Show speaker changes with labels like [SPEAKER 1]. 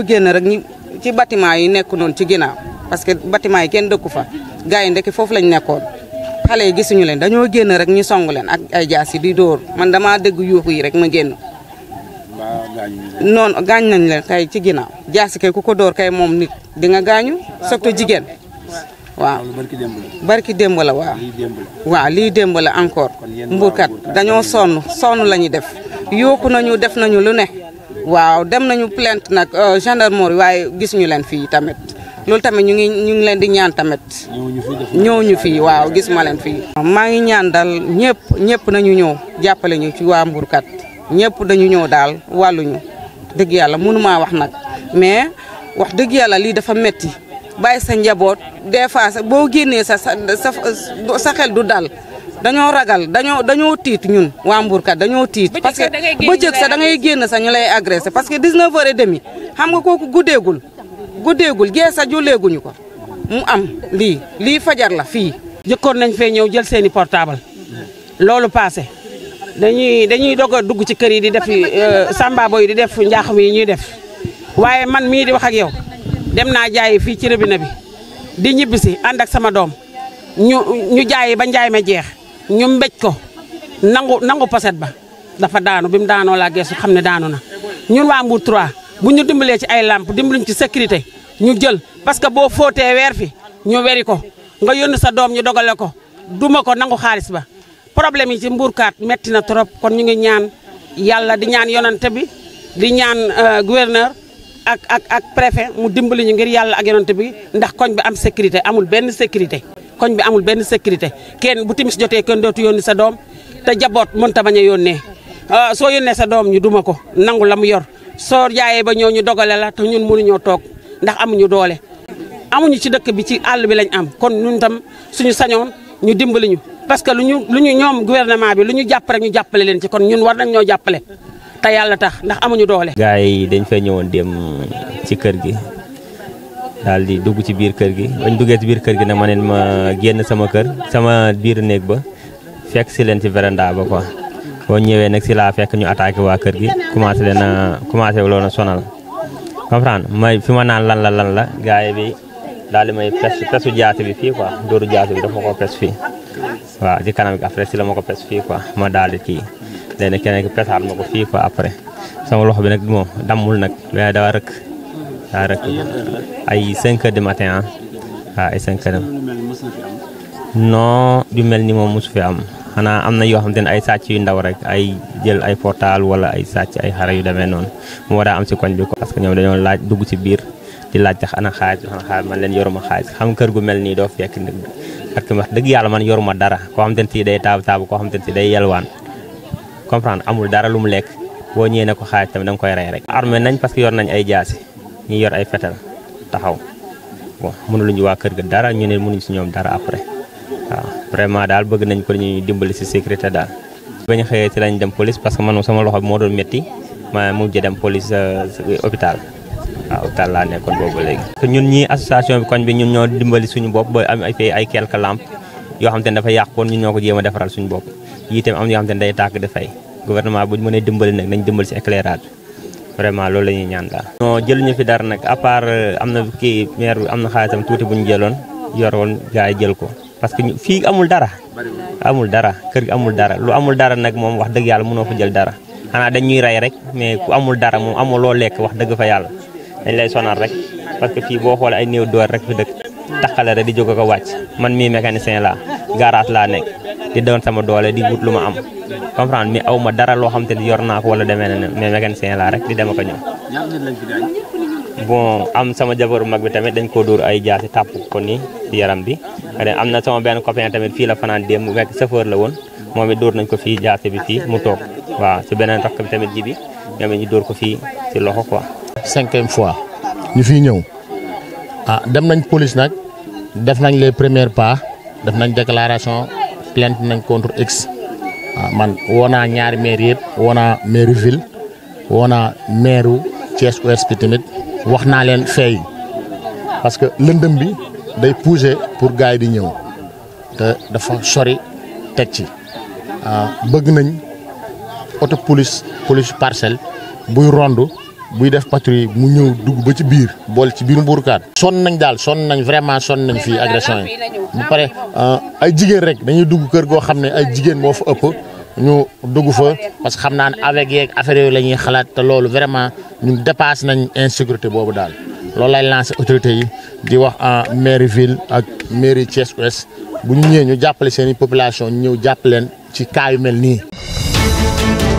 [SPEAKER 1] doo génn rek ñi ci bâtiment yi nekk noonu ci ginnaaw parce que bâtiment yi kenn dëkku fa gars yi ndekki foofu lañ nekkoon xale yi gisuñu leen dañoo génn rek ñu song leen ak ay jaas yi di dóor man damaa dégg yuuxu yi rek ma génn. noonu gaañ nañ leen kay ci ginnaaw jaasi kay ku ko dóor kay moom nit di nga gaañu surtout jigéen waaw barki démb la waaw waaw lii démb encore encore mbuurkat dañoo sonn sonn lañu def yooku nañu def nañu lu ne waaw dem nañu plainte nag euh, gendarmerie waaye gis ñu leen fii tamit loolu tamit ñu ngi ñu ngi leen di ñaan tamit. ñëwuñu fii waaw gis ma leen fii. maa ngi ñaan daal ñëpp ñëpp nañu ñëw jàppale ñu ci waa Mbourkat ñëpp dañu ñëw daal wàlluñu dëgg yàlla maa wax nag mais wax dëgg yàlla lii dafa metti bàyyi sa njaboot des fois boo génnee sa sa sa xel du dal. dañoo ragal dañoo dañoo tiit ñun waa Mbourkat dañoo tiit parce que bëccëg sa da ngay génn sa ñu lay agressé parce que 19 heures et demi xam nga kooku guddeegul guddeegul gee sa julleeguñu ko
[SPEAKER 2] mu am lii lii fajar la fii jëkkoon nañ fee ñëw jël seeni portable loolu passé dañuy dañuy dog a dugg ci kër yi di def euh, sambabo yi di def njaaxum yi ñuy def waaye man mii di wax ak yow dem naa jaayi fii ci rëbina bi di ñibbisi ànd ak sama doom ñu ñu jaayi ba njaay ma jeex ñu mbéj ko nangu nangu poset ba dafa daanu bi mu daanoo laa geesu xam ne daanu na ñun waa Mbour 3 bu ñu dimbalee ci ay làmp dimbaluñ ci sécurité ñu jël parce que boo footee weer fi ñu weri ko nga yónn sa doom ñu dogale ko duma ko nangu xaalis ba problème yi ci mbuurkaat metti na trop kon ñu ngi ñaan yàlla di ñaan yonante bi di ñaan euh, gouverneur ak ak ak préfet mu dimbali ñu ngir yàlla ak yonante bi ndax koñ bi am sécurité amul benn sécurité koñ bi amul ben sécurité kenn bu timis joté kenn dootu yoni sa dom té jabot mën ta bañ a ah, so yoné sa dom ñu duma ko nangu la yor so yaayé ba ñoo ñu dogalé la té ñun ñoo tok ndax amuñu amuñu ci dëkk bi ci all bi lañ am kon ñun tam suñu sañoon ñu dimbali ñu parce que luñu luñu ñom gouvernement bi luñu japp rek ñu jappalé len ci kon ñun war nañ ñoo jappalé ta yalla tax ndax amuñu doole.
[SPEAKER 3] gars dañ fa ñëwoon dem ci kër gi. daal di dugg ci biir kër gi bañ duggee ci biir kër gi ne ma leen ma génn sama kër sama biir néeg ba fekk si leen ci véranda ba ko boo ñëwee nag si laa fekk ñu attaqué waa kër gi commencé leen a commencé loon a sonal comprendre may fi ma naan lan la lan la gars yi bi daal di may pes pesu jaasi bi fii quoi dóoru jaasi bi dafa ma ko pes fii waaw ci kanam gi après si la ma ko pes fii quoi ma daal di kii léegi nag keneen ki pesaat ma ko fii quoi après sama loxo bi nag moom dammul nag daa rek ay 5 heures du matin ah ay 5 heures non du mel ni moom mosu fi am xanaa am na yoo xam te ne ay sàcc yu ndaw rek ay jël ay portal wala ay sàcc ay xare yu demee noonu moo daa am si koñ bi ko parce que ñoom dañoo laaj dugg si biir di laaj tax ana xaalis ana xaalis man leen yoruma xaalis xam kër gu mel nii doo fekk parce wax dëgg yàlla man yoruma dara koo xam te ne si day taabu taabu koo xam te ne si day yelwaan comprendre amul dara lu mu lekk boo ñëwee ne ko xaalis tamit da koy rey rek armé nañ parce que yor nañ ay jaasi ñu yor ay fétal taxaw bon luñu wa kër ga dara ñu né mënu ci ñom dara après wa vraiment dal bëgg nañ ko ñuy dimbali ci sécurité dal bañ xëyee ci lañ dem police parce que man sama loxo mo doon metti ma mu jé dem police eh, euh, hôpital wa ah, hôpital laa nekkoon boobu léegi ñun ñi association bi koñ bi ñun ñoo dimbali suñu bop ba am ay fay ay quelques lampes yo xam te ne dafa yàqoon ñun ñoo ko jéem a suñu bop yi itam am yoo xam day ya tak dafay gouvernement bu mëne dimbali nak nañ dimbali ci éclairage vraiment loolu la ñuy ñaan daal. non jëluñu fi dara nag à part euh, am na kii maire bi am na xaalisam tuuti bu ñu jëloon yor woon gars yi jël ko parce que fii amul dara. amul dara kër gi amul dara lu amul dara nag moom wax dëgg yàlla mënoo fa jël dara xanaa dañ ñuy rey rek mais ku amul dara moom amul loo lekk wax dëgg fa yàlla dañ lay sonal rek parce que fii boo xoolee ay néew door rek fi dëkk. taxale rek di jóg ko wàcc man mii mécanicien laa garage laa nekk. di doon sama doole di wut lu ma am comprendre mi aw ma dara lo xam te ni yor naa ko wala demee na mais mécanicien laa rek di dem ak bon am sama jabaru mag bi tamit dañ ko dóor ay jaasi tàpp ko ni yaram bi am na sama benn copain tamit fii la fanaan démb fekk chauffeur la woon moom it dóor nañ ko fii jaasi bi fii mu toog waaw si beneen rakk bi tamit jibi ñoom ñu dóor ko fii ci loxo quoi cinquième fois ñu fii ñëw ah dem nañ police
[SPEAKER 4] nag def nañ les premières pas def nañ déclaration plainte nañ contre X waaw ah, man woo naa ñaari maire yëpp woo naa maire ville woo naa maire Thiès Ouest tamit wax naa leen fay parce que lëndëm bi day pousser pour gars yi di ñëw te dafa sori teg ci ah, bëgg nañ auto police police parcelle buy rondu buy def patrouille mu ñëw dugg ba ci biir bool ci biir mbuurkaat sonn nañ daal sonn nañ vraiment sonn nañ fii agression yi ba pare euh, ay jigéen rek dañuy dugg kër goo xam ne ay jigéen moo fa ëpp ñu dugg fa parce que xam naa ne avec yeeg affaire yooyu la ñuy xalaat te loolu vraiment ñun dépasse nañ insécurité boobu daal loolu lay lancé autorité yi di wax en mairie ville ak mairie Thiès Ouest bu ñu ñëwee ñu jàppale seen i population ñu ñëw jàppaleen ci cas mel nii